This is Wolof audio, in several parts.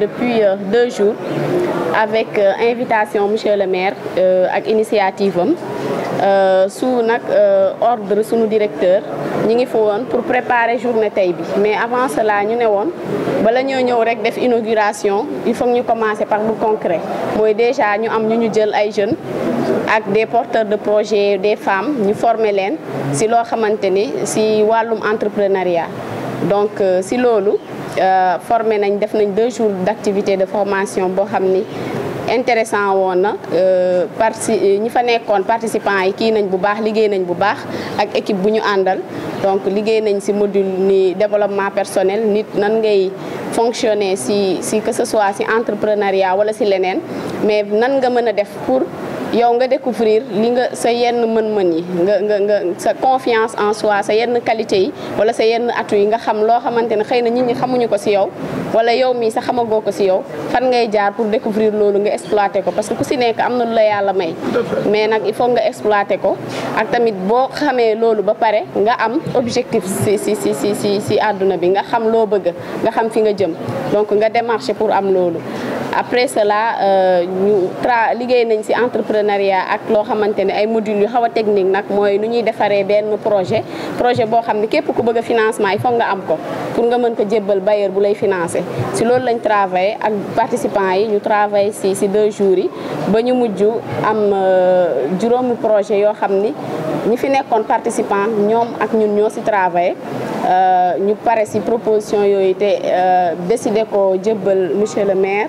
depuis euh, deux jours avec euh, invitation monsieur le maire euh, avec initiative sous l'ordre ordre sunu nos directeurs, nous fa pour préparer journée mais avant cela nous ne dit bala nous ñëw rek def inauguration il faut nous commencer par le concret mooy déjà nous avons ñu ñu jël jeunes et des porteurs de projets des femmes ñu former leen si l'on a si wàllum entrepreneuriat donc si loolu euh, formé nañ def nañ deux jours d'activité de formation bo xamni intéressant wona na euh, parti euh, ñi fa nekkoon participants yi ki nañ bu baax liggéey nañ bu baax ak équipe bu ñu donc liggéey nañ ci module ni développement personnel nit nan ngay fonctionner ci ci que ce soit ci entrepreneuriat wala ci leneen mais nan nga mëna def pour yow nga découvrir li nga sa yenn mën-mën yi nga nga nga sa confiance en soi sa yenn qualité yi wala sa yenn atu yi nga xam loo xamante ne xëy na nit ñi xamuñu ko si yow wala yow mii sa xamagoo ko si yow fan ngay jaar pour découvrir loolu nga exploiter ko parce que ku ci nekk am na lu la yàlla may mais nag il faut nga exploiter ko ak tamit boo xamee loolu ba pare nga am objectif si ci ci ci ci ci àdduna bi nga xam loo bëgg nga xam fi nga jëm donc nga démarcher pour am loolu après cela euh, ñu tra liggéey nañ ci entrepreneuriat ak lo xamantene ay module yu xawa technique nak moy nu ñuy defaree benn projet projet bo xam képp ku bëgg financement il faut nga am ko pour nga mën ko djébal bailleur bu lay financer ci loolu lañ travaillé ak participants yi ñu travaillé ci ci deux jours yi ba ñu mujj am euh, juróomi projet yo xam ni ñi fi nekkoon participant ñoom ak ñun ñoo ci travaillé euh, ñu paré ci proposition yooyu te décider ko jébbal monsieur le maire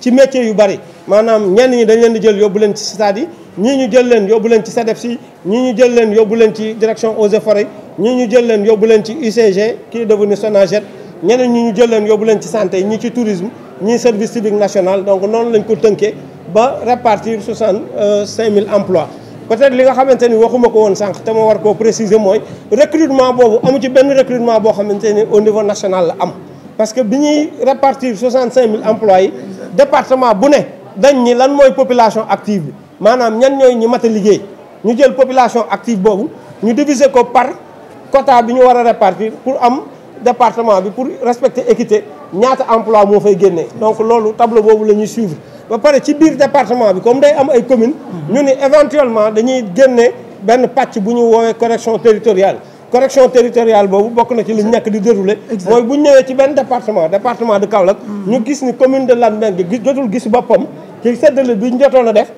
ci métier yu bari manam ñen ñi dañ leen di jël yóbbu leen ci stade yi ñii ñu jël leen yóbbu leen ci sadef ci ñi ñu jël leen yóbbu leen ci direction aux et forêts ñii ñu jël leen yóbbu leen ci UCG qui est devenu sonaget ñeneen ñi ñu jël leen yóbbu leen ci santé ñi ci tourisme ñi service civique national donc non lañ ko tënkee ba répartir 65000 emplois peut-être li nga xamanteni waxuma ko won sank te mo war ko préciser moy recrutement bobu amu ci benn recrutement bo xamanteni au niveau national la am parce que biñuy répartir 65000 emplois département bu ne dañ ni lan moy population active manam ñan ñoy ñu mat a liggéey ñu jël population active bobu ñu diviser ko par quota bi ñu wara répartir pour am département bi pour respecter équité ñaata emploi mo fay génné donc lolu tableau bobu la suivre ba paré ci biir département bi comme day am ay communes ñu ni éventuellement dañuy génné ben patch bu ñu woowee correction territoriale correction territoriale bobu bokk na ci li ñek di dérouler mooy bu ñëwé ci ben département département de Kaolack ñu gis ni commune de Latmingué gi jotul gis bopam ci seddale bi ñu jotoon def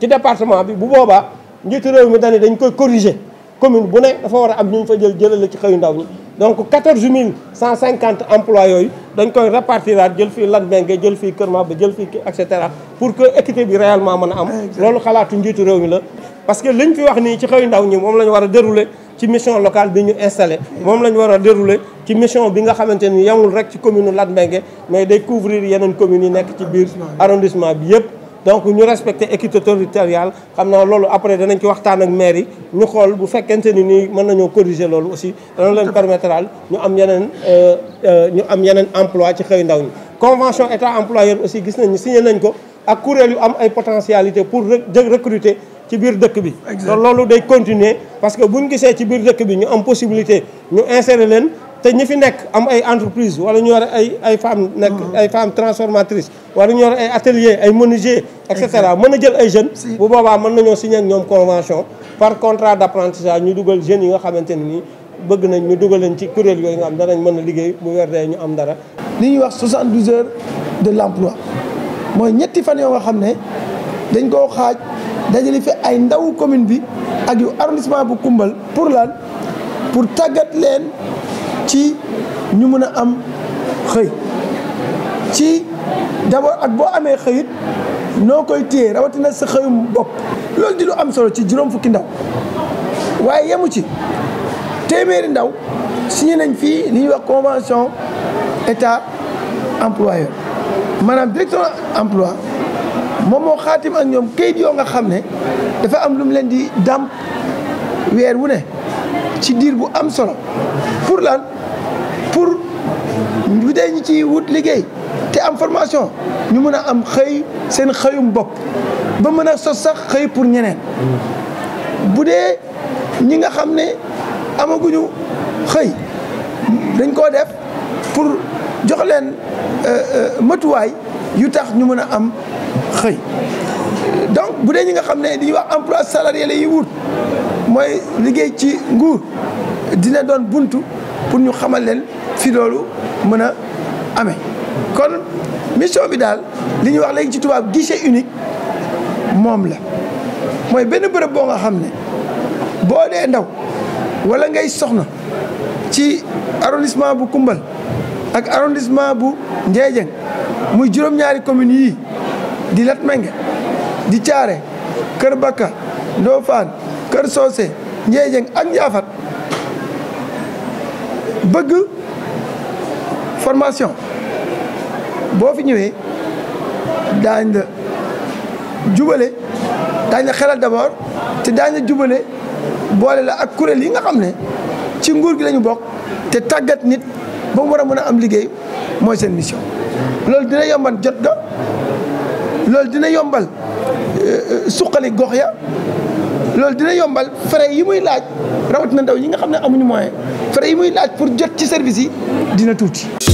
ci département bi bu boba njiitu réew mi dañu dañ koy corriger commune bu ne dafa wara am ñu fa jël jëlale ci xëyu ndaw ñi donc 14150 150 emplois yooyu dañ koy répartiraat jël fi Latmingué jël fii Kër ba jël fi et cetera pour que équité bi réellement mëna am lolu xalaatu njiitu réew mi la parce que liñ fi wax ni ci xëyu ndaw ñi mom la wara war dérouler ci mission locale bi ñu installé mom lañ wara dérouler ci mission bi nga xamanteni ni yamul rek ci commune Latmingué mais day couvrir yenen commune yi nek ci biir arrondissement bi yépp donc ñu respecter équité territoriale xamna lolu après dañ ci waxtaan ak maire yi ñu xol bu fekkenteni ni nii mën nañoo corriger lolu aussi dañ leen permettre ñu am yenen euh, euh ñu am yenen emploi ci xëy ndaw ñi convention état employeur aussi gis nañ ni signé nañ ko ak courriel yu am ay potentialité pour recruter ci biir dëkk bi te loolu day continuer parce que buñ gisee ci biir dëkk bi ñu am possibilité ñu insérer leen te ñi fi nekk am ay entreprise wala ñu war ay ay femmes nekk mm-hmm. ay femmes transformatrices wala ñu war ay atelier ay menuisier et cetera mën a jël ay jeunes bu boobaa mën nañoo signer ak ñoom convention par contrat d'apprentissage ñu dugal jeunes yi nga xamante ne nii bëgg nañ ñu dugal leen ci kuréel yooyu nga xam danañ mën na liggéey bu weer ñu am dara li ñuy wax 72 heures de l'emploi mooy ñetti fan yoo xam ne dañ koo xaaj dajale fi ay ndawu commune bi ak yu arrondissement bu Koumbal pour laan pour tàggat leen ci ñu mun a am xëy ci d'abord ak boo amee xëyit noo koy téye rawatina sa xëyum bopp loolu di lu am solo ci juróom fukki ndaw waaye yemu ci téeméeri ndaw signé nañ fii li ñuy wax convention état employeur manaam directeur emploi moom moo xaatim ak ñoom kayit yoo nga xam ne dafa am lu mu leen di dàmp weer wu ne ci diir bu am solo pour lan pour bu dee ñi ci wut liggéey te am formation ñu mën a am xëy seen xëyum bopp ba mën a sos sax xëy pour ñeneen bu dee ñi nga xam ne amaguñu xëy dañ koo def pour jox leen euh, euh, matuwaay yu tax ñu mën a am xëy donc bu dee ñi nga xam ne dañuy wax emploi salarié la yi wut mooy liggéey ci nguur dina doon buntu pour ñu xamal leen fi mën a ame kon mission bi daal li ñuy wax léegi ci tubaab guichet unique moom la mooy benn bërëb boo nga xam ne boo dee ndaw wala ngay soxna ci arrondissement bu Koumbal ak arrondissement bu Ndiédiène muy juróom-ñaari communes yii. di Latmingué di caare Kër Bakka Ndofane Kër Socé Ndiédiène ak Ndiaffate bëgg formation boo fi ñëwee daañ la jubale daañ la xelal d'abord te daañ la jubale boole la ak kuréel yi nga xam ne ci nguur gi lañu bokk te tàggat nit ba mu war a mën a am liggéey mooy seen mission loolu dina yomban jot ga loolu dina yombal euh, suqali gox ya loolu dina yombal fare yi muy laaj rawatina ndaw ñi nga xam ne amuñu moyen fare yi muy laaj pour jot ci service yi dina tuuti.